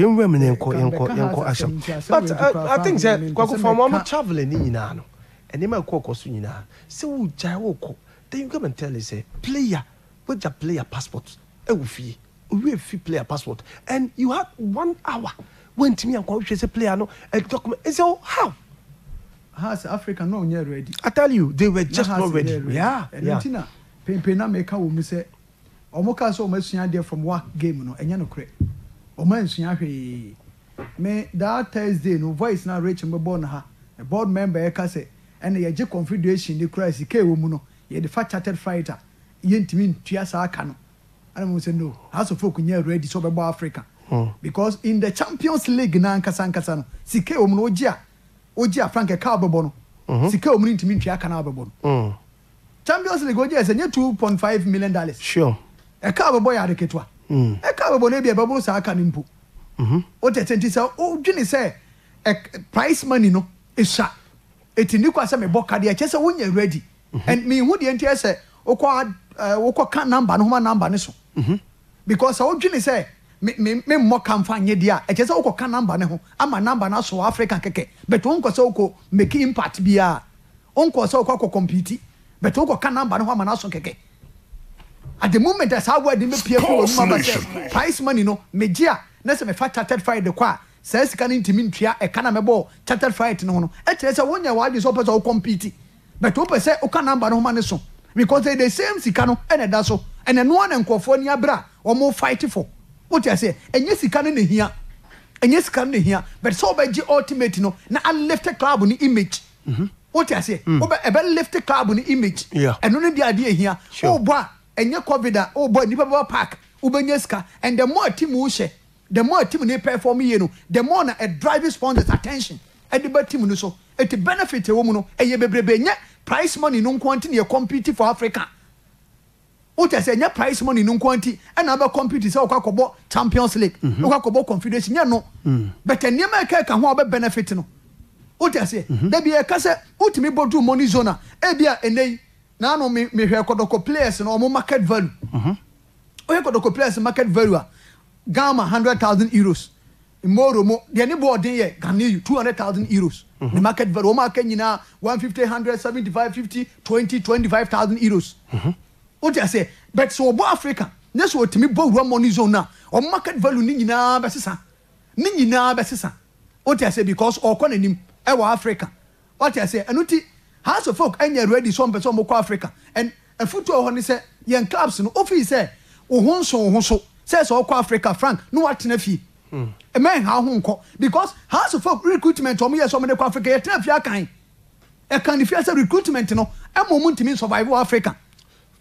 yɛnwura mu ne nkɔ nkɔ ahyɛm but uh, i think sɛ kwako fam ɔmo travelling ne nyinaa no nneɛma ɛkɔ ɔkɔ so nyinaa sɛ wogyae wokɔ then you come and tell me eh, say player wagya player passport ɛwɔ e fie owie fi player passport and you had one hour wantumi ankɔ wohwɛ sɛ player no ɛ e document ɛsɛ e o how. has africa no nyɛ ready. i tell you they were just not ready. ready yeah and eh, yeah ɛnu ti na pɛmpɛn na mɛka wɔn mu sɛ ɔmo ka sɛ ɔmo esua adeɛ from one game no ɛnyɛ no korɛ. ɔma nsua hwee me daa thursday no voice na rachel mbɛbɔ born ha board member ɛka sɛ ɛna yɛgye confederation de kura sika ɛwɔ mu no yɛde fa chatted fighter yɛntumi ntua saa aka no ɛna mo sɛ no house of folk ya ready sɛ ɔbɛbɔ africa hmm. because in the champions league na nkasa nkasa no si ɛwɔ mu no ogye frank eka ɔbɛbɔ no hmm. sika ɛwɔ mu no ntumi ntua aka na ɔbɛbɔ champions league ogye ɛsɛ nye two point five million dollars sure Eka ɔbɛbɔ yɛ ade ketewa. ɛka bɛbɔ no bia ɛbɛboro saa ka no mpo wotɛtɛ nti sɛ wodwene sɛ price money no ɛsua ɛti nni kɔ a sɛ mebɔ kadeɛ ɛkyɛ sɛ wonya ready and mehu deɛ nti sɛ wokɔ ka number no homa number no so mm-hmm. because sɛ wodwene sɛ memmɔ ka mfa nyɛ deɛ a ɛkyɛ sɛ wokɔ ka number no ho ama number no africa kɛkɛ but wonkɔ sɛ wokɔ make impact biaa wonkɔ sɛ wokɔ akɔ compete but wokɔ ka number no ho ama no aso at the moment saa word mi doing, fi wɔ mu ma sɛ price money no me gye a na sɛ mefa chartered flight kɔ a saa sika no ntumi ntua ɛka na mɛbɔ chartered flight no ho no ɛkyerɛ sɛ wonya w'adwe sɛ wopɛ sɛ wokɔmpiti but wopɛ sɛ woka namba no homa ne so because the same sika no ɛna ɛda so ɛna ɛnoa na nkurɔfoɔ ni abere or more fighting for What wote ase ɛnyɛ sika no na hia ɛnyɛ sika no na here. but so sɛ wobɛgye ultimate no left alift club on the image mm-hmm. What wote ase ɛbɛ lift club on the image ɛno no deɛ adeɛ hia Oh boy ɛnyɛ covid a ɔbɔ oh nipa bɛba park wobɛnya sika and the more team wohyɛ the more team ne perform yie no the more na ɛdrive sponsors attention ɛde ba team no so ɛti benefit ɛwɔ e mu no ɛyɛ bebrebe nyɛ price money no nko nti na yɛ compete for africa wokyɛ sɛ ɛnyɛ price money no nko nti ɛna abɛ compete sɛ wokɔ akɔbɔ champions league wokɔ mhm. akɔbɔ confederation nyɛ no mm. but nneɛma ɛka ɛka ho a wobɛ benefit no wokyɛ sɛ mhm. dabi yɛka sɛ wotumi bɔ du money zone a ebia ɛnɛ yi na ano mehwɛ kɔdɔkɔ place no ɔmo market value woyɛ mhm. kɔdɔkɔ place market value a ah, ghana hundred thousand euros mboro mo deɛ ne bɔɔl den yɛ ghanaian two hundred thousand euros ne mhm. market value wɔn aka nyinaa one fifty hundred seventy five fifty twenty twenty five thousand euros mhm. o ti a sɛ but sɛ ɔbɔ africa ne sɛ ɔtumi bɔ wura money zone na ɔmo market value ne nyinaa bɛ sisan ne nyinaa bɛ sisan o ti a sɛ because ɔkɔ n'anim ɛwɔ africa o ti a sɛ ɛnu ti. house of folk ɛnyɛ ready sɛ ɔmpɛ sɛ ɔmokɔ africa and afutuo hɔ ne sɛ yɛn clubs no ofii sɛ wo ho nso wo ho so sɛ sɛ oh, ɔkɔ africa frank ne watena fie mɛn ha ho nkɔ because house of folk recruitment ɔmo yɛ sɛ ɔmo de kɔ africa yɛtena fie akan ɛkan ne fie sɛ recruitment no ɛmo mu ntumi survive wɔ africa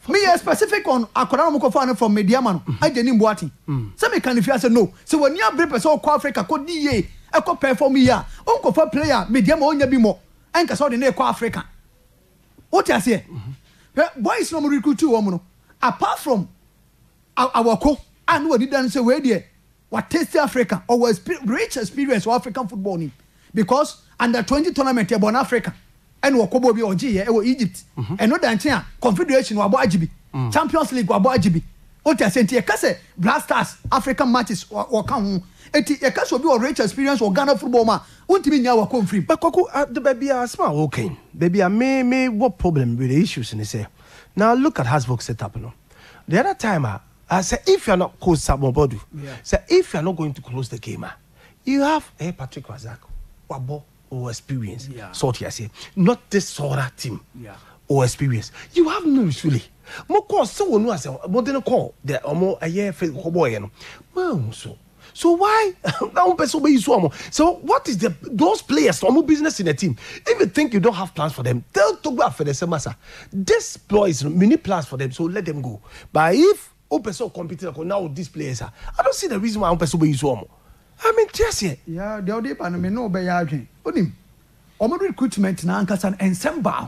meyɛ specific on akwadaa no mokɔfa no from mediama no agye ne mboate sɛ meka ne fie sɛ no sɛ w'ani abere pɛ sɛ wokɔ africa kɔdi yie ɛkɔ perform yie a wonkɔfa player mediama ɔnya bi mmɔ ɛnka sɛ ɔde ne ɛkɔ africa wote aseɛ boys na ɔmo recruit wɔn no apart from awɔko a ne wɔdi dan sɛ wei deɛ taste africa ɔwɔ expe rich experience wɔ african football nim because under twenty tournament yɛ bɔ n'africa ɛna wɔkɔ bɔ bi ɔgye yɛ ɛwɔ egypt ɛno dantɛ a confederation wabɔ agyibi mm. champions league wabɔ agyibi wotu ase nti yɛka sɛ blasters african matches wɔka ho nti yɛka sɛ obi wɔ rich experience wɔ ghana football mu a wontumi nya wakɔ mfirim bɛkɔko baabi a asɛm a wɔkan baabi a me me wɔ problem with the issues ne sɛ now look at hasburg setup no the other time a uh, sɛ if you are not close samobodu yeah. sɛ if you are not going to close the game a uh, you have eh, patrick wazak wabɔ or experience yeah. sort yɛ sɛ eh. not this sora team yeah or experience you have no usually mo kɔ sɛ wɔn nu asɛ mo de ne kɔ de ɔmo ɛyɛ fɛ kɔbɔ yɛ no mo so so why na one person sɛ ɔbɛyi so ɔmo so what is the those players ɔmo business in the team if you think you don't have plans for them tell togbo afɛdɛsɛ masa this ploys we need plans for them so let them go but if one person sɛ compete na ko now this players ah i don't see the reason why one person sɛ ɔbɛyi so ɔmo i mean tí a seɛ. ya deɛ ɔde ba no mi n'o bɛ yɛ adwene o recruitment na ankasa nsɛm baa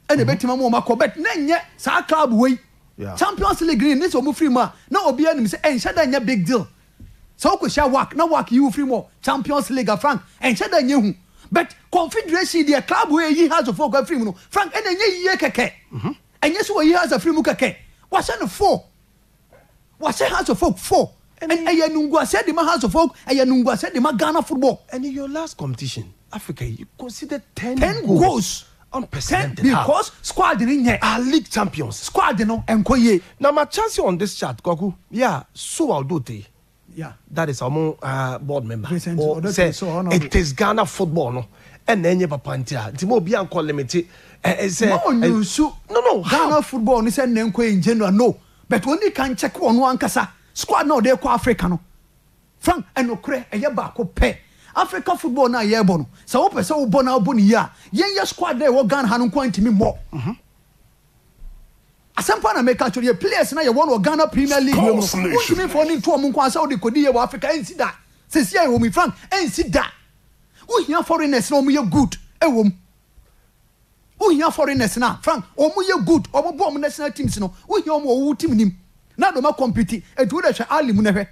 ɛna ɛbɛtumi ama wɔn akɔ but na nyɛ saa club wei champions league green. ne sɛ wɔn firi mu a na obi anim sɛ ɛnhyɛ dɛ nyɛ big deal sɛ wɔkɔ hyɛ wak na wak yi wo firi mu champions league a frank ɛnhyɛ dɛ nyɛ hu but confederation deɛ club wei yi house of folk afiri mu no frank ɛna nyɛ yie kɛkɛ mhm. ɛnyɛ sɛ wɔyi house afiri mu kɛkɛ wɔahyɛ no four wɔahyɛ house of folk four ɛyɛ nunguasɛ de ma house of folk ɛyɛ nunguasɛ de ma ghana football. and in your last competition africa you considered ten, ten goals ɔmpɛsɛ because squad ni nyɛ our league champions squad no ɛnkɔ yie. na ma chance on this chart kɔku yeah so I do te. Eh? Yeah. that is our uh, board member Present, or say so it is ghana football no ɛna ɛnyɛ papa nti a nti mo obi ankɔ limiti ɛ sɛ. ma no no how ghana football ni sɛ nne nkɔ yin jenu no but oni kan check wɔn ankasa squad naa ɔde kɔ africa no frank ɛnukurɛ ɛyɛ baako pɛ. Africa football na yɛ bɔ no sɛ wopɛ sɛ wobɔ na wobɔ no yie a yɛnyɛ squad dɛ ɛwɔ ghana ha no nkoa ntumi mmɔ mhm. asɛmpa na meka kyerɛ yɛ players na yɛwɔ no wɔ ghana premier league mu wontumi mfa ne ntoɔ mu nkoa sɛ wode kɔdi yɛ wɔ africa ɛnsi da sɛsi a ɛwɔ frank ɛnsi da wohia foreigners na ɔmyɛ good ɛwɔ mu wohia foreigners na frank ɔmyɛ good ɔmobɔ ɔm national teams no wohia ɔm ɔwo team nim na dɔma compete ɛti wodɛ hwɛ ali mu no hwɛ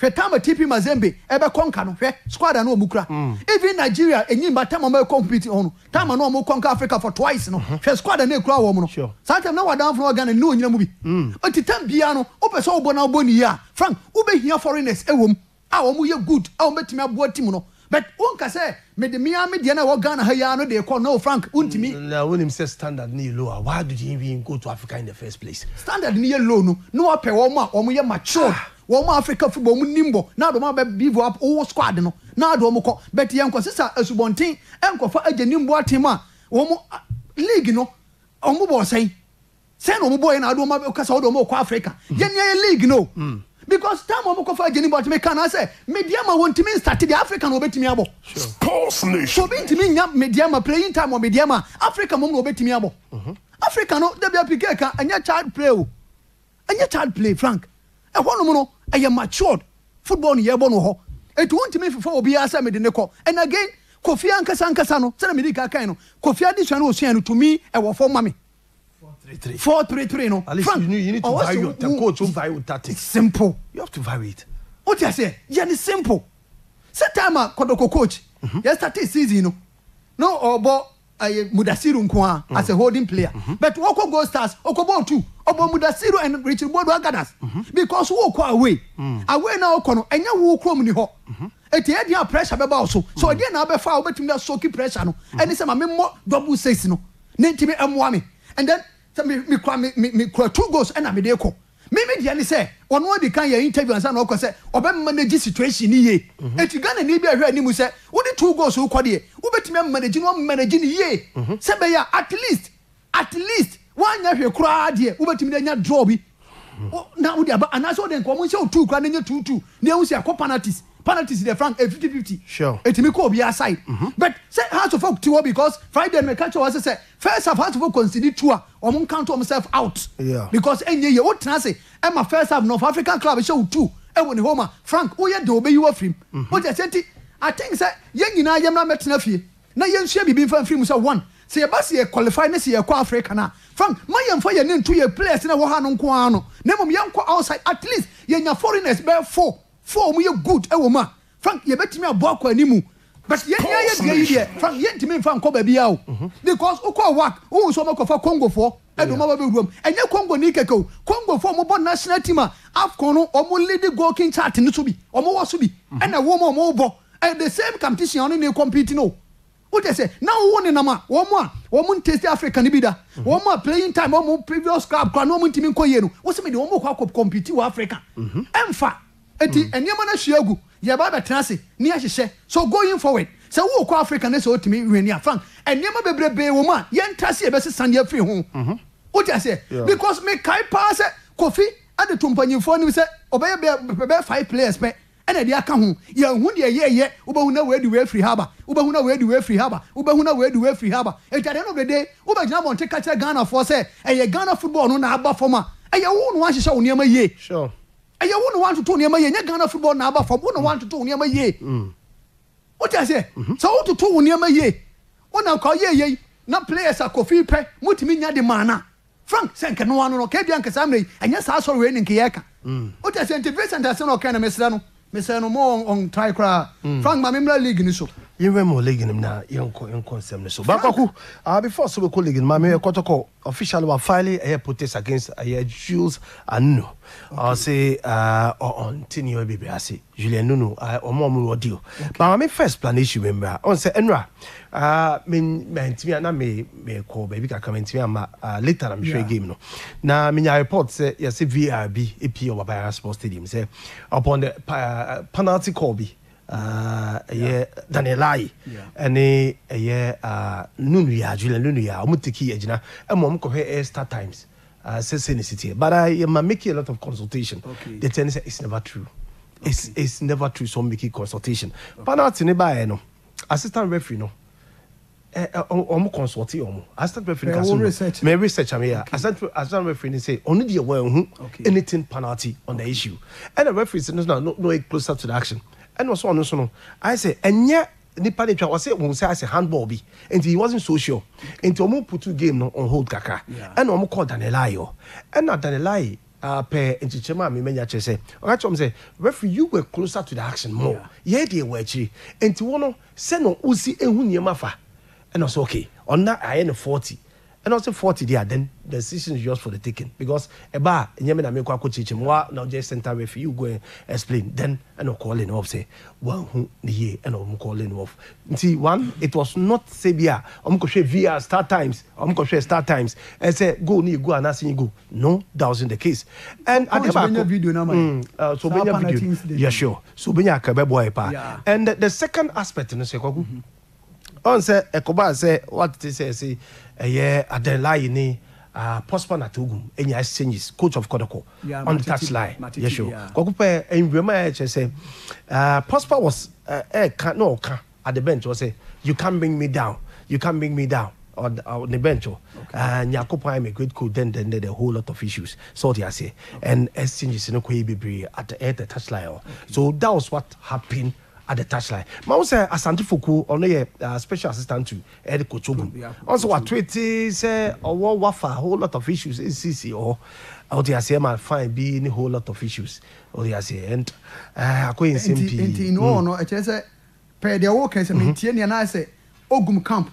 hwɛ tama tp mazembe ɛbɛkɔ nka no hwɛ squad no ɔmu kura mm. even nigeria enyimba tama ɔmɛ compete ɔno tama no ɔmu kɔnka africa for twice no mm-hmm. hwɛ squad no ekura wɔn no saa tɛm na wadanfo no ɔgana ne onyina mu bi ɔti mm. tɛm bia no ɔpɛ sɛ ɔbɔ na ɔbɔ ne yie a frank ɔbɛhia foreigners ɛwɔ mu a wɔn yɛ good a wɔn bɛtumi aboa team no but wọn kà sẹ mẹdẹ mìíràn mi diẹ náà wọ ghana ha yà no de kọ no frank ntumi. Mm, na wọn ni sẹ standard ni yẹ low ah why did you even go to africa in the first place. standard ni yẹ low no ni wọn pẹ wọn mu a wọn yẹ matured. wɔn ah, africa football mu nimbɔ na adɔm abɛ bivu ɔwɔ squad no na adɔm kɔ bɛti yɛn kɔ sisan asubɔnten nkɔfa agye nimbɔ atem a wɔn league no wɔn bɔ ɔsɛn sɛn na wɔn bɔ yɛn na adɔm abɛ kasa wɔn kɔ africa yɛn ni yɛ league no because time wɔn kɔfa agye nimbɔ atem kan na sɛ mediama wɔn ntumi nsate de africa na wɔbɛtumi abɔ sports nation obi ntumi nya ma playing time wɔ ma africa mɔmu na wɔbɛtumi abɔ africa no dabi apike kan ɛnyɛ child play o ɛnyɛ child play frank ɛhɔnom no ɛyɛ matured football no yɛbɔ no hɔ ɛti wontumi fifa obiara sɛ mede ne kɔ and again kofi ankasa ankasa no sɛna mede ka kan no kofi adesua no ɔsua no tumi ɛwɔ fɔ Four, three, three. no At least you need to your tactics. simple you have to vary it wote aseɛ yɛ ne simple sɛ time a uh, kɔdɔkɔ coach mm-hmm. yɛstarte season no na ɔbɔ uh, ɛyɛ mudasiru nko a mm-hmm. as a holding player mm-hmm. but wɔkɔ goal stars ɔkɔbɔ otu ɔbɔ mudasiru and richard bodo agadas mm-hmm. because wɔkɔ away mm. away na ɔkɔ no ɛnyɛ wo kurom ni hɔ eti yɛ diɛ pressure bɛba o so so ɔdiɛ na abɛfa a wɔbɛtumi da soki pressure no ɛni sɛ maame mmɔ double six no ne ntumi ɛmoa mi and then sɛ mi kura mi kura two goals ɛna mi de kɔ mímí deɛ ni sɛ ɔno adi kan yɛ interview ansa na ɔkɔ sɛ ɔbɛ manage situation ni yie mhm. etu ghana ni bi ahwɛ anim sɛ wodi two goals wokɔ deɛ wobɛtumi manage ni wɔn manage ni yie sɛ bɛyɛ at least at least wanyɛ hwɛ koraa deɛ wobɛtumi de nya draw bi mhm. na wodi aba anaasɛ ɔde nkɔmɔ nhyɛ otu koraa na nye tuutu na ehu sɛ ɛkɔ penalties. penalties deɛ frank ɛ eh, fifty fifty. sure ɛtumi eh, kɔ obi aside. Mm -hmm. but sɛ house of folk ti because friday mi ka kyerɛ wɔ first half house of folk concede two a wɔn count themselves out. Yeah. because ɛnyɛ yɛ o tena se ɛma first half north african club ɛhyɛ eh, o two ɛwɔ ne home a frank woyɛ de o bɛ yi firim. o jɛ sɛ nti i think sɛ yɛn nyinaa yɛn mìíràn mɛtena fie na yɛn nsúɛ bìbí nfa nfirim sɛ one sɛ yɛba sɛ yɛ qualify ne sɛ yɛ kɔ africa na frank ma yɛmfa yɛ ne ntu yɛ players na wɔ ha no nko ara no na mmom yɛnkɔ outside at least yɛnya foreigners bɛɛ four fo ɔmo yɛ good ɛwɔ eh, mu a frank yɛbɛtumi abɔ akɔ animu but yɛn ni ayɛ diɛ yi deɛ frank yɛntumi nfa nkɔ baabi yɛ mm-hmm. because okɔ wak ohun sɛ ɔmo kɔfa congo fɔ ɛdun ɔmo bɛ wuram ɛnyɛ congo ni kɛkɛ o congo fɔ ɔmo bɔ national team a afcon no ɔmo lead goal king chart ni so bi ɔmo wɔ so bi ɛna mm-hmm. wɔn mo ɔmo bɔ ɛyɛ eh, the same competition ɔno ni compete no o de sɛ na wo ne nam a wɔn mo a wɔn mo n taste africa ni bi da wɔn mm-hmm. mo a playing time wɔn mo previous club kora na wɔn mo ntumi nkɔ yie no wɔn sɛ mi de wɔn mo kɔ akɔ compete wɔ africa ɛnfa eti hmm. nneɛma no ahyia gu yɛba bɛtena ase ne yɛhyehyɛ so going forward sɛ wowɔkɔ africa ne sɛ wotumi wɛni a fan nneɛma bebrebee wɔ mu a yɛnta se yɛbɛsesa ne afiri ho mhm. wote aseɛ because mekae paa sɛ kofi ade to mpanyimfoɔ no sɛ say bɛɛ five players pɛ ɛna ɛde aka ho yɛhu deɛ yɛyɛ wobɛhu na wɔadi wei afiri haba wobɛhu na wɔadi wei afiri haba wobɛhu na wɔadi wei afiri haba ɛti adeɛ no dede wobɛgyina mmɔnte ka kyerɛ ghanafoɔ sɛ ɛyɛ ghana football no na aba fam a ɛyɛ wo no wahyehyɛ wo nneɛma yie ɛyɛ wo ne wantoto nneɛma yie nyɛ ghana football na aba fam wo ne wantoto wo nneɛma yie wote aseɛ sɛ wototo wo nneɛma yie wona ka ɔyɛ yei na players akɔfi pɛ motumi nya de maana frank sɛ nkɛnoa no no kɛdua nkɛsaa mmerɛ yi ɛnyɛ saa sɔre wei ne nkeyɛka wote aseɛ nti vincent asɛm na ɔka na mesrɛ no mesrɛ no mo ɔntrae koraa mm. frank ma memmra league ni so yɛwɛ ma league nom na yɛnkɔ yɛnkɔ nsɛm no so bankwaku uh, before sɛ wobɛkɔ league no ma meyɛ kɔtɔkɔ official wafile ɛyɛ eh, protest against ɛyɛ eh, jules anno ɔse ɔnte nneɛma bebree ase julian nunu ɔmo ɔmo wɔdi o baa mi first plan issue mi mra ɔn sɛ ɛnura mi ntumi na mi mi kɔ baabi kakra mi ntumi ama uh, later na mi hwɛ game no na mi nya report sɛ yɛsɛ var bi epi ɔwɔ bayara sports stadium sɛ upon the uh, penalty call bi ɛyɛ danielai ɛne ɛyɛ nunu ya julian nunu ya. ɔmo teki agyina ɛma ɔmo kɔhwɛ air star times uh, sincerity. But I am making a lot of consultation. Okay. The tennis is never true. Okay. It's it's never true. So I'm making consultation. Okay. But now tonight, no assistant referee no. ɔmo consulti ɔmo assistant referee ka so mɛ research am yɛ assistant assistant referee ni say, ɔno deɛ wɔn ho anything penalty on the issue ɛna referee sɛ no no no closer to the action ɛna ɔsɔ ɔno so no ayɛ sɛ ɛnyɛ nipa de twa ɔsɛ wɔn nsa ase handball bi nti he wasnt social, sure nti wɔn putu game no on hold kakra ɛna wɔn kɔ danelai hɔ oh. ɛna danelai apɛ uh, nkyekyɛm a mmemmanya kyerɛ sɛ ɔka kyerɛ m sɛ referee you were closer to the action more yɛ deɛ wɔ akyiri nti wɔn no sɛ na ɔsi ehu nneɛma fa ɛna ɔsɛ okay ɔna ayɛ no forty ɛna ɔsɛ forty deɛ then the decision is just for the taking because ɛba a nyɛmɛ na mi kɔ akɔ kyekyɛ mu wa na ɔjɛ center referee you go explain then ɛna calling off sɛ wɔn ho ne yie ɛna wɔn calling off nti one it was not say bi a wɔn kɔhwɛ vr star times wɔn kɔhwɛ star times ɛsɛ goal ne yɛ goal anase yɛ goal no that wasn't the case and ade baako mm uh, so obe nya video yeah sure so obe nya akɛbɛ ɛ paa and the, the second aspect no sɛ kɔkɔ. ɔn sɛ ɛkɔba sɛ watete sɛ say ɛyɛ yeah laayi ni uh postpon atogum any exchanges coach of kɔdɔkɔ on the touch line yɛ sure kɔkɔ pɛ nwuram a yɛkyɛ sɛ postpon was ɛɛka na ɔka at the bench wɔ sɛ you can bring me down you can bring me down on, on the bench. Okay. Uh, Nyakopa, I'm a great coach, then, then, then, a whole lot of issues. So, they are saying, okay. and exchanges in a at the, at the touchline. Okay. So, that was what happened at the touchline ma wo sɛ asante foko ɔno yɛ uh, special assistant to ɛde uh, kotobu ɔn sɛ watwete sɛ ɔwɔ wafa whole lot of issues ɛsisi ɔhɔ ɔde aseɛ ma fine bi ne whole lot of issues ɔde aseɛ and uh, akɔyɛ nsɛm pii nti ne wɔwɔ mm. no ɛkyerɛ sɛ pɛɛ deɛ wɔka sɛ mhm. mentie neɛ na sɛ Ogun camp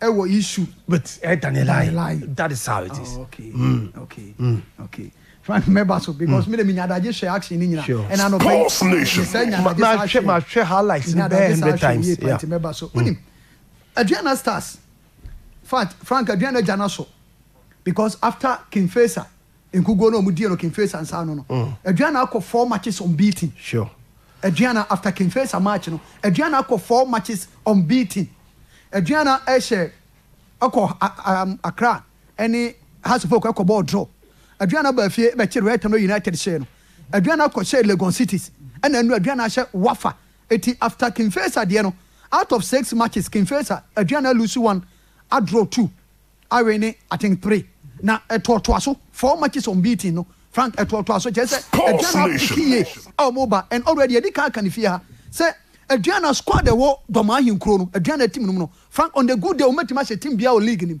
ɛwɔ issue but ɛda ne lie that is how it is oh, okay. Mm. okay. Mm. okay mɛba so because mi hmm. de mi nyadagye hyɛ action ni nyina ɛna no bɛ sɛ nyadagye sa ahwɛ highlight bɛɛ hundred times Yeah. pati mɛba so onim aduana stars Fact, frank aduana gya so because after king faisal nkuguo na ɔmo die king faisal nsa ano no hmm. aduana akɔ four matches unbeaten sure aduana after king faisal match no aduana akɔ four matches unbeaten aduana eche ɛkɔ akra um, ɛne hasofo kɔ ɛkɔ bɔɔl draw. aduane aba afie no united hyɛ no aduane legon cities And then aduane ahyɛ wafa eti after kinfesa deɛ out of six matches kinfesa aduane alusu one draw two awe ne i think three na ɛtoɔtoa so four matches unbeaten no frank ɛtoɔtoa so kyerɛ sɛ aduane apiki yie a wɔn and already yɛde kan kan fie Say sɛ squad ɛwɔ dɔm ahenkuro no aduane atim no mu no frank on the good day wɔn mɛtumi a team bia wɔ league him.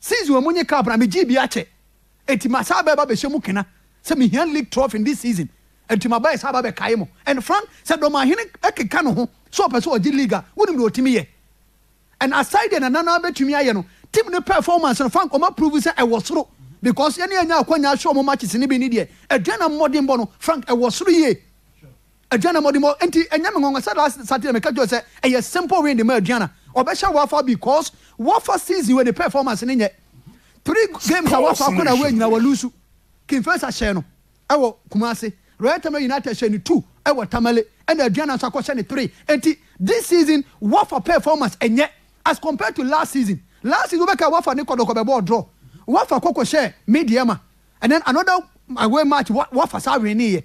since wɔn are cup na mi gyi bi akyɛ And ma saa bɛɛ ba a mu kena sɛ league trophy in this season And ma bɛyɛ saa ba bɛ kae mu and frank sɛ dɔmahene ɛkeka ne ho so ɔpɛ sɛ ɔgye league a wɔnim deɛ ɔtumi yɛ and aside deɛ nanana bɛtumi ayɛ no team ne performance And frank ɔma that I was through because any yɛne yɛnya akɔnya ahyɛ ɔmo matches ne bi ne deɛ aduana mmɔdenbɔ no frank ɛwɔ soro yie aduana And nti ɛnyɛ me ngɔngɔ sɛ last saturday meka kyerɛ sɛ a simple win de ma aduana ɔbɛhyɛ wafa because what wɔfa season wɔ the performance ne nyɛ three games a wɔfa ko na wɔn nyinaa wɔ lusu a hyɛn no ɛwɔ kumase royal tamale united hyɛn two. I ɛwɔ tamale And aduane nso akɔhyɛ no three nti this season what for performance ɛnyɛ as compared to last season last season we wɔbɛka wɔfa ne kɔdɔkɔ bɛbɔ draw What wɔfa koko share. mediama and then another away match What for? wɛn ne yɛ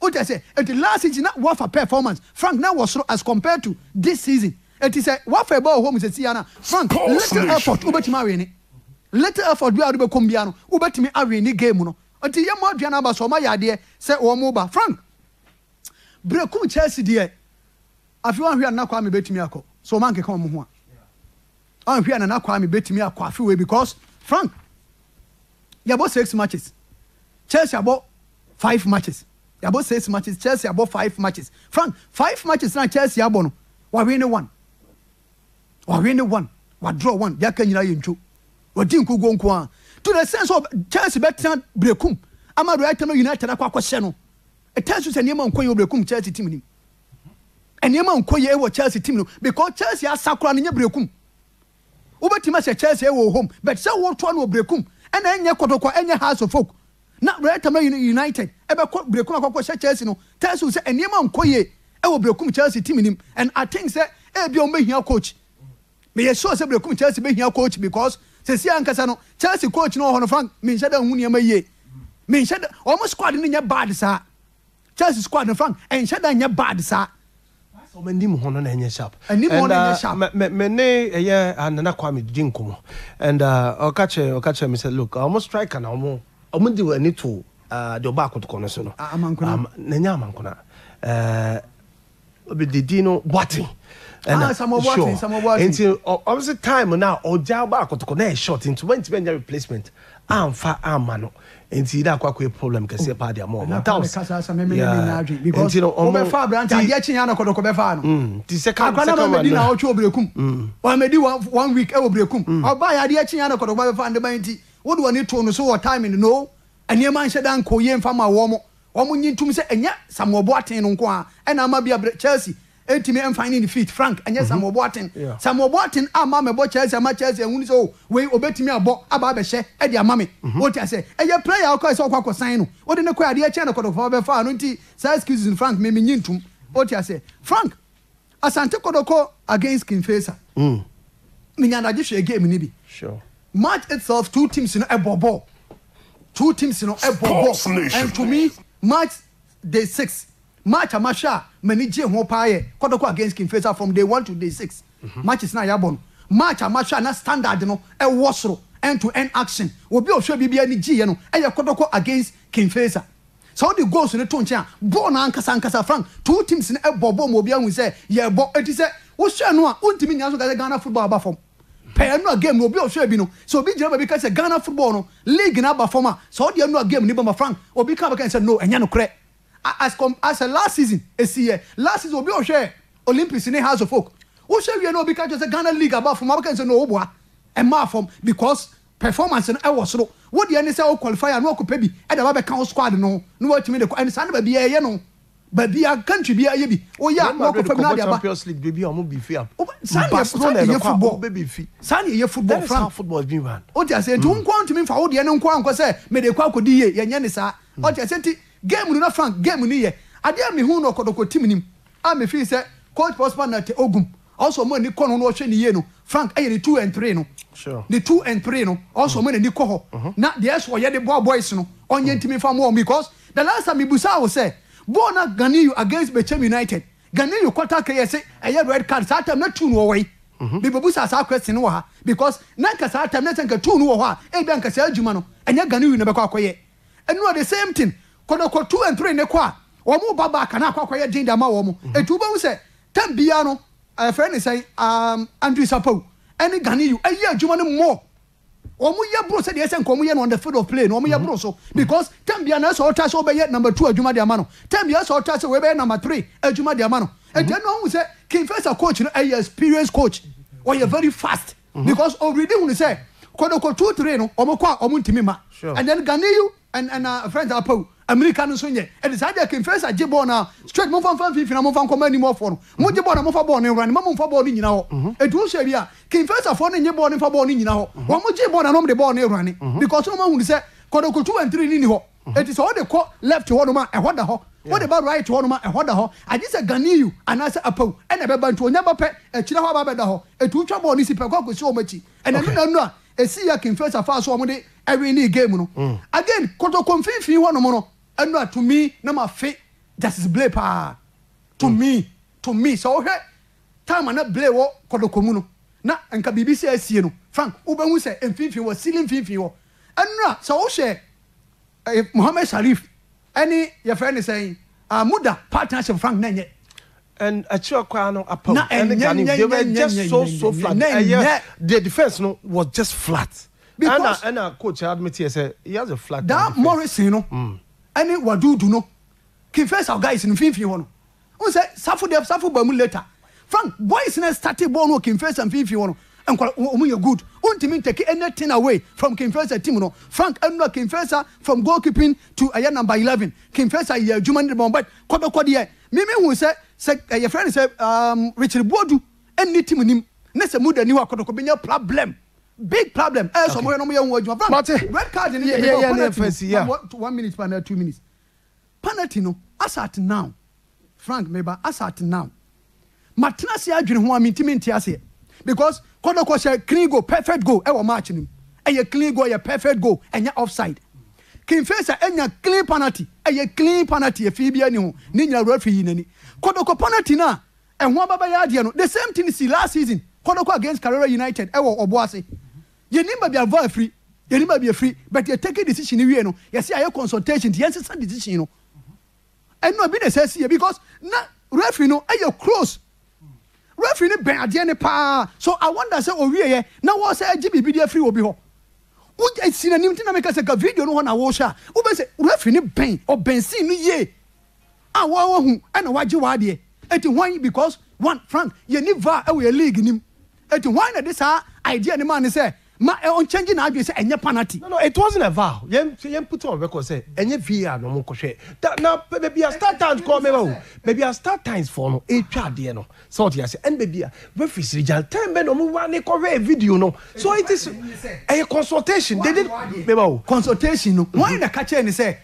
o tɛ sɛ nti last season what for performance frank now was as compared to this season. eti sɛ wafa bɔɔl home sɛ siya na frank little effort wobɛtumi awe ni. little effort bi a wode bɛkɔm bia no wobɛtumi awe ne game no nti yɛmmɔ aduane aba sɛ ɔma yɛ adeɛ sɛ wɔn ba frank brekum chelsea deɛ afei wahwɛ anana kwa me bɛtumi akɔ so ɔma nkeka ɔmo ho a wahwɛ anana kwa me bɛtumi akɔ afei wei because frank yɛbɔ six matches chelsea abɔ five matches yɛabɔ six matches chelsea abɔ five matches frank five matches na chelsea abɔ no wahwɛ ni one ɔhwe ne one wadrɔ one yɛaka nyina yɛ ntwo wɔdi nkogo nko a to the sense of chance bɛtena brekum ama do ayɛtɛm united akɔ akɔhyɛ no ɛtɛn so sɛ nneɛma nkɔ yɛ wɔ brekum chelsea team nim nneɛma nkɔ yɛ wɔ chelsea team no because chelsea asa koraa no nyɛ brekum wobɛtumi sɛ chelsea ɛwɔ home but sɛ wɔtoa no wɔ brekum ɛna ɛnyɛ kɔtɔkɔ ɛnyɛ house of folk na rɛtama united ɛbɛkɔ brekum akɔkɔ hyɛ chelsea no tɛn so sɛ nneɛma nkɔ yɛ ɛwɔ brekum chelsea team nim and i think sɛ ebi a wɔn bɛhia coach meyɛ sure sɛ berɛkum chelsea bɛhia coach because sɛsi ankasa no chelsea coach no ɔhɔ no frank menhyɛ da nhu nneɛma yie menhyɛ da ɔmo squad no nyɛ bad saa chelsea squad no frank ɛnhyɛ da nyɛ bad saa anim hɔ no na ɛnyɛ sharp anim ɛyɛ anana kwame di nkɔmɔ and ɔka kyerɛ ɔka kyerɛ me sɛ look ɔmo striker na ɔmo ɔmo de ani to deɛ ɔba akotokɔ no so no amankona ah, ah, um, amankona uh, obi no boaten ɛna ah, sure nti ɔbɛsi time na ɔgya ɔba akɔtɔkɔ na yɛ short nti wɛn ti bɛ nya replacement anfa ama no nti yìí akɔ akɔ problem kɛseɛ paa de ama ɔmo times nti no ɔmo ɔbɛ fa abirante adiɛ kyi yan kɔdɔkɔ bɛ fa ano mm, ti second second one akɔla mɛmɛdi na ɔtwe obirikun ɔmɛdi one week ɛwɔ obirikun ɔba yɛ adiɛ kyi yan kɔdɔkɔ bɛ fa ndeba nti wodi wɔn to no so wɔ time no nneɛma nhyɛ dan kɔ yie nfa ma wɔn wɔn nyi ntum sɛ ɛnyɛ samuel boateng no nko a ɛna ama bi abirɛ chelsea etimi ɛnfa ne ne feet frank ɛnyɛ mhm. samuel boaten samuel boaten a maa mɛ bɔ chelsea ama chelsea ehun sɛ o wei obetumi abɔ aba abɛhyɛ ɛdi e ama mi mhm. e o ti ase ɛyɛ player akɔ ɛsɛ ɔkɔ akɔ sign no o de ne kɔ adeɛ kyɛn no kɔdɔfɔ bɛfa ano nti saa excuses no frank mɛmi nyi ntum o ti ase frank asante kɔdɔkɔ against kinfesa minyanadze mm. hwɛ game ni bi match itself two teams no ɛbɔ e ball two teams no ɛbɔ ball and to me match day six match amahwɛ a mani gye ho paa yɛ kɔdɔkɔ against king faisal from day one to day six mhm. matches na yɛabɔ no match amahwɛ a na standard no ɛwɔ e soro end to end action obi a ɔhwɛ biribiara ni gyeeɛ no ɛyɛ kɔdɔkɔ against king faisal sɛ wɔde goals no to nkyɛn a bɔɔl na ankasa ankasa frank two teams no ɛbɔ bɔɔl ma obi ahu sɛ yɛbɔ eti sɛ wohwɛ no a wontumi nyina so ka sɛ ghana football aba fam mhm. pɛɛ no game no obi ɔhwɛ bi no sɛ obi gyina baabi ka ghana football no league no aba fam a sɛ wɔde ɛno game no ba frank obi ka bɛka sɛ no ɛnyɛ nokorɛ as com as a last season esi yɛ last season obi ɔhwɛ olympics ne house of folk wohyɛ wie na obi ka kyerɛ sɛ ghana league aba fam abɛka sɛ na ɔwoboa ɛmaa fam because performance no ɛwɔ soro wodeɛ ne sɛ wo qualifier na wakɔpɛ bi ɛde babɛka wo squad no na watumi de kɔ ɛne saa ne baabi yɛyɛ no baabi a country bi ayɛ bi oyɛ a na ɔkɔfɛ bi na adi aba saa ne yɛ football saa ne yɛ football fran o ti ase nti nkɔ ntumi nfa wo deɛ ne nkɔ ankɔ sɛ mɛ de kɔ akɔdi yie yɛnyɛ ne saa ɔti ase game no na fan game no yɛ adeɛ mi hu na ɔkɔdɔkɔ tim nim a mi fi sɛ coach prosper na te ogum ɔsɔ mo ni kɔ no na ɔhwɛ ne yie no frank ɛyɛ ni two and three no Ni two and three no ɔsɔ mo ni kɔ hɔ uh-huh. na deɛ ɛsɔ ɔyɛ de bɔ boys no ɔnyɛ ntumi fa mu wɔn because the last time ibusa awo sɛ bɔɔl na gani yu against bechem united Gani yu kɔta kɛyɛ sɛ ɛyɛ red card saa time na two no wɔ wɔyi bibibu uh-huh. saa saa question wɔ ha because na nka saa time na sɛ nka two no wɔ hɔ a ebi anka saa adwuma no ɛnyɛ ghana yu na bɛkɔ akɔyɛ ɛnu ɔde same thing kɔdɔkɔ two and three ne kɔ a wɔn ba baaka na akɔ akɔyɛ den dama wɔn mhm. etu bɛn sɛ tam bia no ɛfɛ ne sɛn andrew sapow ɛne gani yu ɛyɛ eh, adwuma no mɔ wɔn yɛ bro sɛ deɛ sɛ mu yɛ no on the field of play no wɔn yɛ mhm. bro so because tam bia na sɛ ɔta sɛ ɔbɛyɛ number two adwuma eh, de ama no tam bia sɛ ɔta sɛ ɔbɛyɛ number three adwuma de ama no ɛdiɛ no ɔhu sɛ king fesa coach no ɛyɛ eh, experienced coach ɔyɛ mhm. very fast because ɔredi hun sɛ kɔdɔkɔ two three no ɔmo kɔ a ɔmo ntumi ma and then gani and and uh, friends apow amerika no nso nyɛ ɛde saa deɛ kemfesa gye bɔɔl no a straight momfa mfa mfimfini a momfa nkɔma anim ɔfoɔ no mogye bɔɔl na momfa bɔɔl no wrane ma momfa bɔɔl no nyina hɔ ɛnti wo sɛri a kemfesafoɔ no nyɛ bɔɔl no mfa bɔɔl no nyina hɔ mhm. wɔn mogye bɔɔl na nom de bɔɔl no awurane mhm. because no mahunu sɛ kɔdɔkotu wantiri ni ni hɔ ɛnti mhm. sɛ wode kɔ left hɔ nom a ɛhɔ da hɔ wode ba right hɔ nom a ɛhɔ da hɔ agye sɛ ganiyu anaasɛ apaw ɛna ɛbɛba nti onyaba pɛ akyirɛ hɔ aba bɛda hɔ Etu wotwa bɔɔl no si pɛ kɔ akɔsi esi yɛ kinfɛs afa so ɔmo de ɛwi ne game no mm. again kotoko mfinfin hɔ nom no ɛnu a tumi na ma fe justice blay paa tumi mm. tumi sɛ ɔhwɛ taama na blay wɔ kotoko mu no na nka biribi sɛ esie no frank wobɛhu sɛ mfinfin wɔ sili mfinfin wɔ ɛnu a sɛ ɔhyɛ ɛɛ mohammed sharif ɛne yɛfrɛ ne sɛn partner partnership frank na and achieve kwa no apam na and Ghanaians they were just so so flat the defence no was just flat because ɛna ɛna coach admit yɛ sɛ he has a flat that Morrison no ɛne wadudu no kin our guys no finfin hɔ no n sɛ safu, de safo bamu later Frank boys na started ball no kin first and finfin hɔ no. ɔmo yɛ good wontumi take anything away from kimfesa team no frank anura kimfesa from goalkeeping to ɛyɛ eh, number 11 kimfesa yɛ adwuma no debɔ but kɔbɛkɔdeɛ meme hu sɛ sɛ eh, friend said, sɛ um, richard boadu any team nim ne sɛ muda ni hɔ akɔdɔkɔ bɛnya problem big problem ɛyɛ sɛ ɔmoyɛ no moyɛ ho adwuma frank red card in the ne yɛ one minute pa two minutes penalty no as at now frank maybe as at now matena se adwene ho a mentimi nte aseɛ because kɔnɔkɔ hyɛ clean goal perfect goal ɛwɔ match nim ɛyɛ clean goal ɛyɛ perfect goal ɛnyɛ offside kinfesa ɛnya clean penalty ɛyɛ clean penalty efi bi ani ho ne nyina wura fi yi n'ani kɔdɔkɔ penalty na ɛho ababɛyɛ adeɛ no the same thing si last season kɔdɔkɔ against carrera united ɛwɔ ɔboase yɛnim baabi avo afiri yɛnim baabi afiri but yɛ take decision wie no yɛsi ayɛ consultation ti yɛn sisa decision no ɛnu obi na sɛ si yɛ because na referee no ɛyɛ close referee no bɛn adeɛ no paa so i wonder sɛ owieɛ na wɔsɛ agye biribi de afiri wɔ bi hɔ wogya si n'anim nti na meka sɛ ka video no hɔ na wɔhyɛ a wobɛ sɛ referee no bɛn ɔbɛn sin no yie a wɔwahu ɛna wagye w'adeɛ ɛti hwan because one frank ni va ɛwɔ yɛ league nim ɛti hwan na de saa idea no maa ne sɛ ma ɔnkyɛngye eh, na adwene sɛ ɛnyɛ penalty. no no it wasn't a vow yɛn yɛn put on record sɛ ɛnyɛ var na ɔmo nkɔhwɛ da na baabi a start times kɔ mɛma o baabi a start times fɔ no etwa adeɛ no sɛ ɔte ase ɛn baabi a referee siri gyan time bɛn na ɔmo wa ne kɔhwɛ video no so it is ɛyɛ consultation they did mɛma o. consultation no wɔn yɛn na kakyɛ ni sɛ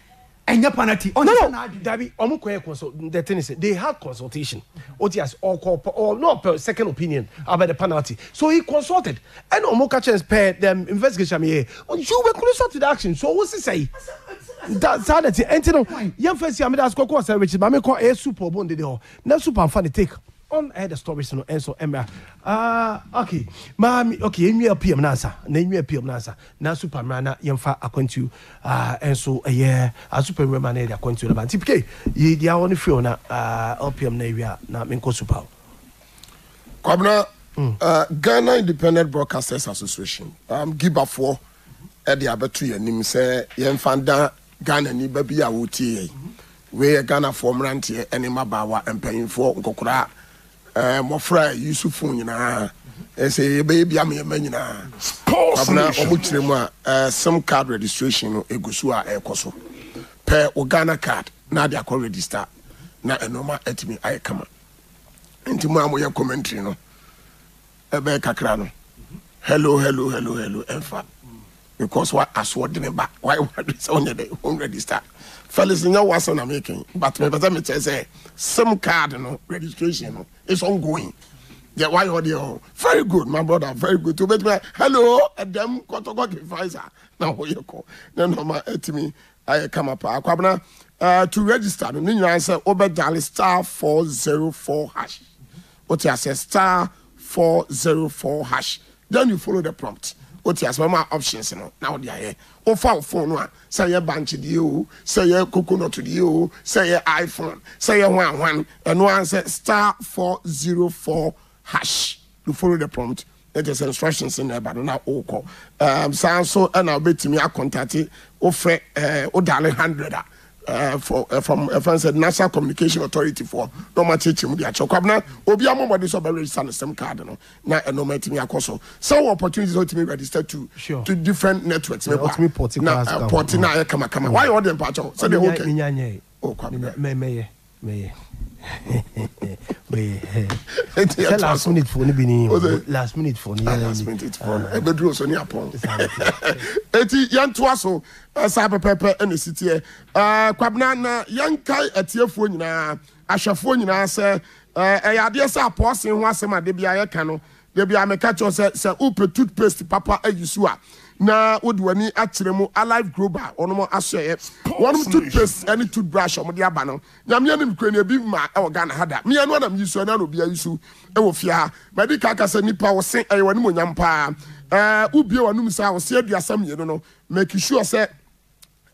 ɛnyɛ penalty. ɔn no no dabi ɔmu kɔ yɛ consult the thing is they had consultation o ti as ɔkɔ or no per second opinion about the penalty so he consulted ɛna ɔmu ka kyɛn pɛ the investigation mi yɛ you were closer to the action so o sisan yi da saa de ti ɛnti no yɛn fɛ si amida asukɔ kɔ ɔsɛ richard maame kɔ ɛyɛ super bond de hɔ na super nfa de take ɔn eh, the stories no Enso eh, mmra ah okay maami okay enwia pm n'asa na enwia pm n'asa na superman na yemfa akwantu ah nso eh, ɛyɛ ah superman ma na yɛde akwantu na ba nti pk yi di awɔ ne fi o na ah lpm na ewia na mi nkɔ super. kwabena mm. ah, ghana independent broadcasters association um, gibafoɔ ɛde abɛto yɛn anim sɛ yɛnfa da ghana ni baabi a wɔtie yɛn mm-hmm. wei yɛ ghanafoɔ mmeranteɛ ne mmabaawa mpanyinfoɔ nkɔkoraa. Eh, mmɔfra yusufu nyinaa ɛsɛ mhm. eh, yɛbɛyɛ bia ma nyinaa abena ɔmo kyerɛ mu a eh, sim card registration no ɛgu so a ɛkɔ so pɛ wo ghana card na ade akɔ register na ɛnɔma atumi ayɛ kama nti mu a moyɛ commentary no ɛbɛyɛ kakra no mhm. hello hello hello hello ɛmfa because wa asoɔden ne ba why? ye wa de sɛ ɔnyɛ dɛ ɔn register felix n yɛ wa sɛ na mi kɛn but mɛ pɛsɛ mi kyerɛ sɛ sim card no registration no is ongoing yɛ wa yɛ ɔdeɛ ɔ very good my brother very good to bɛ tuma hello ɛdɛm kɔtɔkɔ kì í fa ɛsà na o yɛ kɔ ne nɔɔma ɛtumi ayɛ kama paa akwabena ɛɛ to register no ne nyinaa sɛ o dali star four zero four hash o ti a sɛ star four zero four hash then you follow the prompt o ti asɛ ɔmo a options no na ɔde ayɛ ofa o phone no a sɛ yɛ bank deɛ o sɛ yɛ coconut deɛ o sɛ yɛ iphone sɛ yɛ hwan hwan ɛno a star four zero four hash you follow the prompt na kyerɛ sɛ instructions na ɛba no na ɔɔkɔ ɛɛm saa nso ɛna ɔbɛtumi akɔntate ofrɛ ɛɛ ɔdaale hundred a ɛfɛn eh, eh, eh, sɛ national communication authority fɔ na ɔma kyekyere mu de akyɛ kwabena obi amɔmɔde sɛ ɔbɛ register ne sɛm card no na ɛno ɔma atumi akɔ so sɛ wɔ opportunities a ɔtumi register to to different networks ne ba na pɔte na ayɛ kamakama wayɛ ɔde mpakyɛw sɛdeɛ wokɛ o kwabena mɛyɛ mɛyɛ sɛ last minute fo no bi ni ah, last minute fo no ɛbɛduru so ne apɔn ɛti yɛntoa so saa pɛpɛpɛ ɛna siteɛ kwabena na yɛnkae atiefoɔ nyinaa ahwɛfoɔ nyinaa sɛ ɛyɛ adeɛ sɛ apɔɔsen ho asɛm a de bia yɛka no de bia meka kyerɛ sɛ sɛ wopɛ toothpaste papa ayi so a na wode w'ani akyerɛ mu alive mo ɔnom asɔeɛ wɔnom toothpaste ne toothbrush ɔmode aba no nyameɛ nim kura ne ebi ma ɛwɔ ghana ha da meɛ no anam yi so ɛna na obia yi so ɛwɔ fie ha madi ka kasa nnipa wo se ɛyɛ w'anim onyam paa ɛɛ wobie w'anom saa wo se aduasa mmienu no make sure sɛ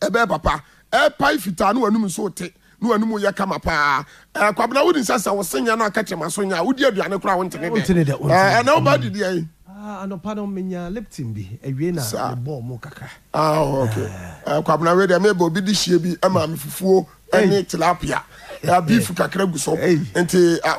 ɛbɛɛ papa ɛɛpae fitaa ne w'anom nso te ne wɔnum yɛ kama paa ɛɛ kwabena wodi nsɛ sɛ wo se nyɛ no akɛkyɛm aso nyɛ a wodi aduane koraa wontene dɛ ɛɛ ɛna wobaa mm. didiɛ yi anɔpa no menya lipton bi awie na mebɔɔ mu kakra ah, ah. ah, kwabena wei deɛ mebɛ obi de hyie bi ma me fufuo ɛne tilapia abiifu kakra gu so nti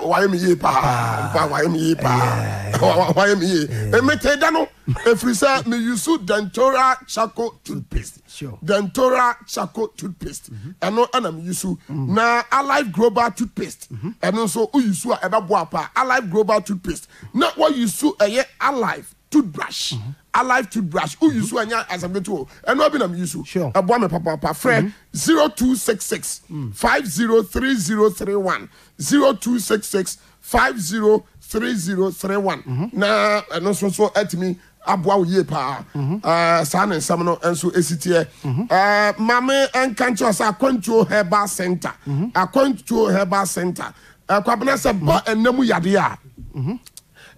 wayɛ me yie paa mpa wayɛ me yie paa wayɛ me yie emete da no efiri sɛ meyusu dentora charcoal toothpaste dentora charcoal toothpaste ɛno mm-hmm. ɛna meyusu mm. na alive global toothpaste ɛno mm-hmm. nso oyusu a ɛbɛboa paa alive global toothpaste na wɔyusu ɛyɛ alive toothbrush mm -hmm. alive toothbrush who mm-hmm. use ɛnya asambletu o ɛnu ɔbi na mi use ɛboa mi papaapa frɛ zero two six six mm. five zero three zero three one zero two six six five zero three zero three one mm-hmm. na ɛnu nso nso ɛtumi aboa wo yie paa mm-hmm. saa ne nsɛm no nso esi teɛ maame nka nkyɛn akwantuo herbal center akwantuo herbal center ɛkwabena sɛ ba ɛnam yadeɛ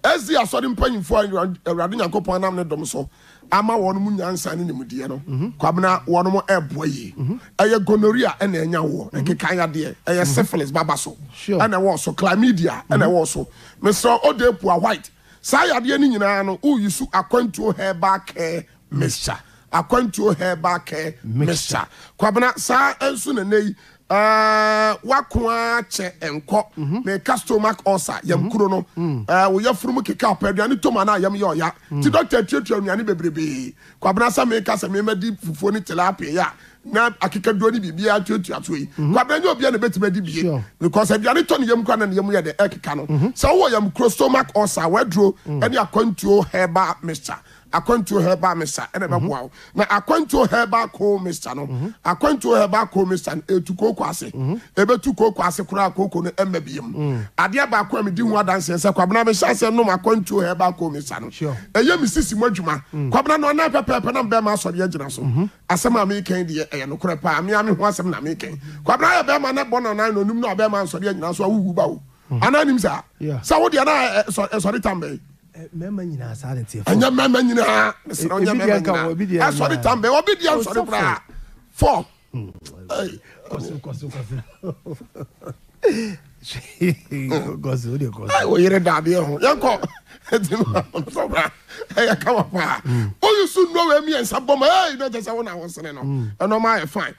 ɛsi asɔre mpanyinfoɔ awurade nyankopɔn nam ne dɔm so ama wɔn mu nyansa ne nimudeɛ no mhm. kwamina wɔn mo ɛɛboa yie mhm. ɛyɛ gonorrhea ɛna ɛnya wɔ mhm. ɛkeka yadeɛ ɛyɛ syphilis baba so ɛna ɛwɔ so chlamydia ɛna ɛwɔ so mr odepua white saa yadeɛ ne nyinaa no uyi so akwantuo herbal care mixture akwantuo herbal care mixture kwamina saa nso na ne yi. Uh, wako a kyɛ nkɔ mhm. meka stomach ulcer yɛm mhm. kuro no mm. uh, woyɛ furumu keka apɛ aduane toma no a yɛm yɛ ɔya mm. ti dɔkta tuatua nnuane bebrebee kwabena sɛ meka sɛ memadi fufuo ne tilapia yi a na akekaduo ne biribia tuatua so yi mhm. kwabena nyɛ obia ne bɛtumi adi bie because aduane tɔ ne yɛm kora na ne yɛm yɛ de ɛkeka no sɛ wowɔ yɛm kuro stomach ulcer waduro mm. ne akwantuo hɛba mixture akwantuo herbal mixer ɛna ɛbɛboa mhm. wo na akwantuo herbal coal mixer no mhm. akwantuo herbal coal mixer no etu kooko ase mhm. ebetu kooko ase koraa kooko no ɛmɛ bi mu mm. adeɛ baako a mi di ho adansi ɛsɛ kwabena mi hyɛ ase nom akwantuo herbal coal mixer no ɛyɛ mi sisi mu adwuma mm. kwabena no ɔnan pɛpɛɛpɛ na bɛrɛ ma asɔre ɛgyina so asɛm a mi kɛn deɛ ɛyɛ nokorɛ paa mi a mi ho asɛm na mi kɛn mm. kwabena yɛ bɛrɛ ma ne bɔ nanan na onum na ɔbɛrɛ ma asɔre ɛgyina so awuwu ba o anan nim saa sɛ wo deɛ na ɛsɔre tan bɛyi. Eh, mmarima nyinaa saa de tiɛ fɔ. ɛnyɛ mmarima nyinaa ɛsɛ eh, ɔnyɛ mmarima nyinaa ɛsɔri tan ɔbi diɛ nsɔri kura fɔ. o de ayi o yɛrɛ da kɔ na sɛnɛ nɔ yɛ fain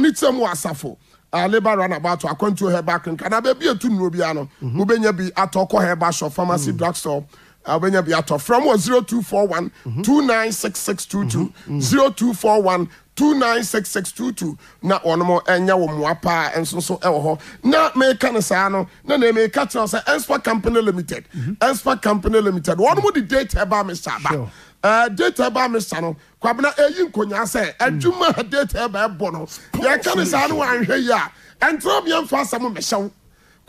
ni mu asafo aleba rana hɛba bi nnuro bi ano wobɛnya bi atɔ kɔ hɛba pharmacy hmm. abenya bi atɔ from wɔ zero two four one two nine six six two two zero two four one two nine six six two two na wɔn ɛnya wɔn mua paa nso so ɛwɔ hɔ na mɛka ne saa no na na mɛka kyerɛ sɛ ɛnspa company limited ɛnspa mhm. company limited wɔn mo de date ɛba mi sa ba date data ɛba mi sa no kwabena eyi nkonya sɛ adwuma mm. data ɛba ɛbɔ no yɛka ne saa no wɔanhwɛ yi a ɛntura bia nfa asɛm mɛhyɛw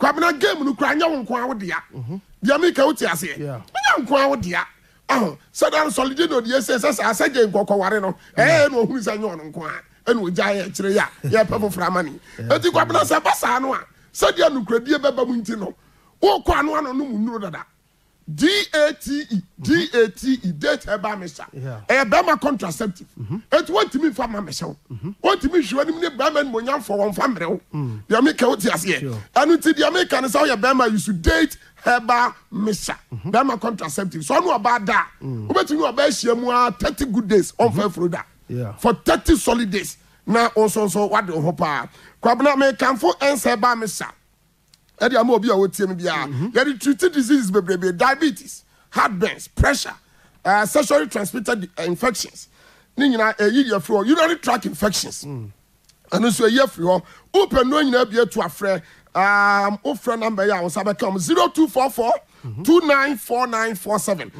kwabena game no kura anya wɔn nko awo dea mhm. deɛ mi ka ti aseɛ nko awo dea sɛdeɛ nsɔlede na odie sɛ sɛ sɛ asɛgye nkɔkɔware no ɛyɛ na ɔhunu sɛ nyɛ ɔno nko a ɛna ɔgya yɛ kyerɛ yɛ a yɛpɛ foforɔ ama ne ɛti kwabena sɛ ba saa a sɛdeɛ nokuradie bɛba mu nti no wokɔ ano ano no mu nnuro dada E, e, date date date ẹ bá mi sa ẹ bẹẹma contraceptive mm-hmm. etu wọn ti mi fa ma mi sẹw wọn ti mi su ẹni ní bẹẹma ni mo yàn fọ wọn fa mìíràn diẹ mi kẹ o mm. ti aseɛ ẹnu ti diẹ mi kẹ ni sáwọn yẹ bẹẹma you should date ẹ bá mi sa bẹẹma contraceptive sọọni ọba da o mm. bẹ ti ní ọba ẹhyia mu ah thirty good days ọ̀nfẹ́ mm-hmm. fúru da for thirty solid days na nsonso wadi ọ̀hún paa kwabena mi kanfo ẹnsẹ̀ bá mi sa ɛde ama obi a wɔtie mu mm-hmm. biara yɛde treated diseases bebrebe diabetes heartburns pressure uh, sexually transmitted infections ne nyinaa eh, ɛyi deɛ firi hɔ urinary tract infections ɛno nso ɛyi afiri hɔ wopɛ no nyinaa bi atu afrɛ wofrɛ namba yi a say friend was zero two four four mm-hmm. two nine four nine four seven.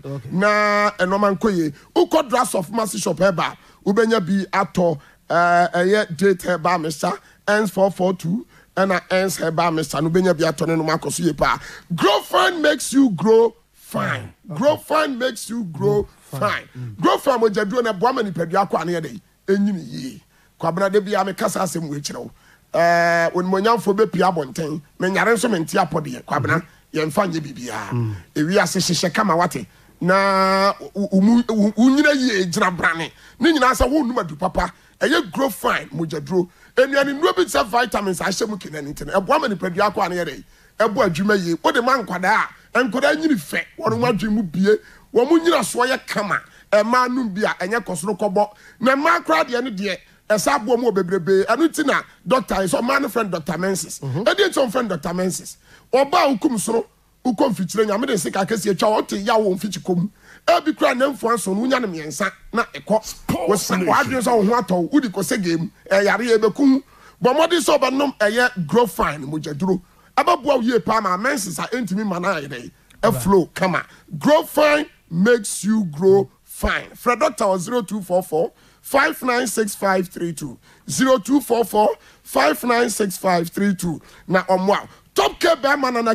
Mm-hmm. na ɛnɔma nkɔ yie wokɔ drasɔf mase shop ɛba eh, wobɛnya bi atɔ ɛyɛ eh, eh, date herbal mixture ends four four two ɛna ends herbal mixture no benya bi atɔ ne nom akɔ so yie paa grow fine makes you grow fine okay. grow fine makes you grow fine, fine. Mm. grow fine mo jɛ duro na bua nipadua kɔ aneɛ de enyini yie kwabena de bi a mi kasa asɛm wo ekyerɛ eh, o ɛɛ onimonyamfo bɛ pie abɔnten mɛ nyare nso mɛ nti apɔdeɛ kwabena mm-hmm. yɛn fa nye bibiara mm. ewi ase hyehyɛ kama wate na wunyina yie gyina brane ne nyinaa sɛ wɔn num papa ɛyɛ grow fine mogyaduro nnuane nnuro bi sɛ vitamins ahyɛ mu kinani nti no ɛboa ma nipadua akɔ ano yɛ dɛ ɛbɔ adwuma yie wode ma nkwadaa a nkwadaa nyini fɛ wɔn ho adwene mu bie wɔn mo nyina yɛ kama ɛmaa num bi a ɛnyɛ kɔsoro kɔbɔ na mmaa koraa deɛ no deɛ ɛsa aboɔ mu wɔ bebrebee ɛno ti na dɔkta yi sɛ ɔmaa no fɛn dɔkta mensis mhm. ɛdeɛ nti ɔn dɔkta mensis ɔbaa okum soro wokɔ mfikyire nyame de sika kɛseɛ twa wote yɛ wo mfikyi kɔm ebi kura ne nfua so no wonya ne mmiɛnsa na ɛkɔ wɔadwene sɛ wo ho atɔ wo kɔsɛ game ɛyare yɛbɛku bɔ mmɔden sɛ ɔbɛnom ɛyɛ grofine mogyaduro ɛbɛboa wo yie paa ma mɛnsesa ɛntumi ma no ayɛ ɛflow kama grofine makes you grow fine frɛ dɔkta 0244 596532 0244 596532 na ɔmmoa top k bɛrima nana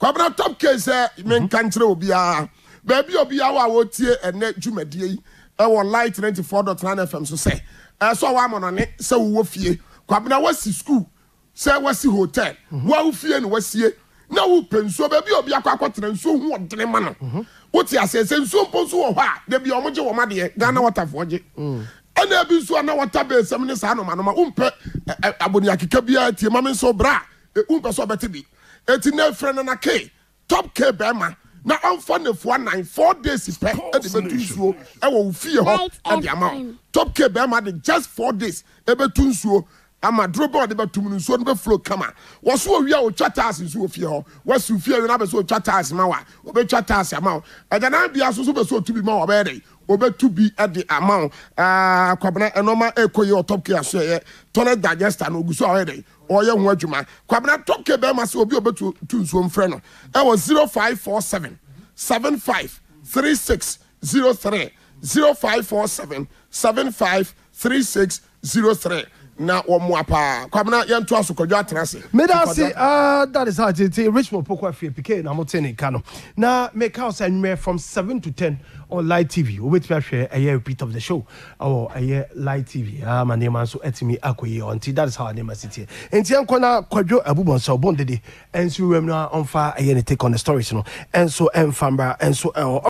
kwabena top case ɛ eh, menka mhm. nkyerɛ obiara baabi obiara wɔ a wɔtie ɛnɛ dwumadie yi ɛwɔ light ninety four dot nine fm so sɛ ɛsɛ ɔwɔ amɔnɔne sɛ wɔwɔ fie kwabena wɔsi school sɛ wɔsi hotel mhm. wɔawo fie na wɔsie na wopɛ nsuo baabi obi akɔ akɔtena nsuo ho ɔdene ma no mhm. wote aseɛ sɛ nsuo mpo nso wɔ hɔ a dabi ɔmo gye wɔn adeɛ ghana wɔtafoɔ gye ɛna ebi nso ana wɔta beesɛm ne saa anomanoma wompɛ aboni akeka biara tie ma nso bra wompɛ sɛ ɔbɛte bi eti ne fira na na ke top ke bɛrima na ɔnfa nefua nine four days pɛ ɛde bɛ tu nsuo ɛwɔ wo fie hɔ ɛde ama wo top ke bɛrima de just four days ɛbɛ tu nsuo ama duro bɔɔl de bɛ tum no nsuo no bɛ flo kama wɔso owi a otwa taasi nso wɔ fie hɔ wɔsi fie yɛ no abɛ so otwa taasi ma wa obɛ twa taasi ama wo ɛdana bia soso bɛ so otu bi ma wa ɔbɛyɛ de wɔbɛtu bi de ama wo ah, kwabena ɛnɔma ɛkɔ yɛ ɔtɔp ke aso ɛyɛ toilet digester no ogu so a ɔyɛ dɛ ɔyɛ ho adwuma kwabena tɔp ke bɛrima sɛ obi a ɔbɛtu tu nsuo mfrɛ no ɛwɔ four seven seven five three six zero three. na wɔn mu apaa kwamina yɛn to aso kɔdwa atena ase. mmeda ase aa ah, that is how it is richmond poko afie pk na mo te ne ka no make house anwumɛ from seven to ten on live tv wobɛtumi ahwɛ ɛyɛ repeat of the show ɛwɔ ɛyɛ live tv ama ah, nneɛma nso ɛtumi akɔ yie ɔnti that is how nneɛma si tie nti ɛnkɔ na kɔdwo abubɔnsɛ ɔbɔn dede ɛnso wura mu na ɔnfa ɛyɛ ne take on the stories no ɛnso ɛnfa mbra ɛnso ɛwɔ.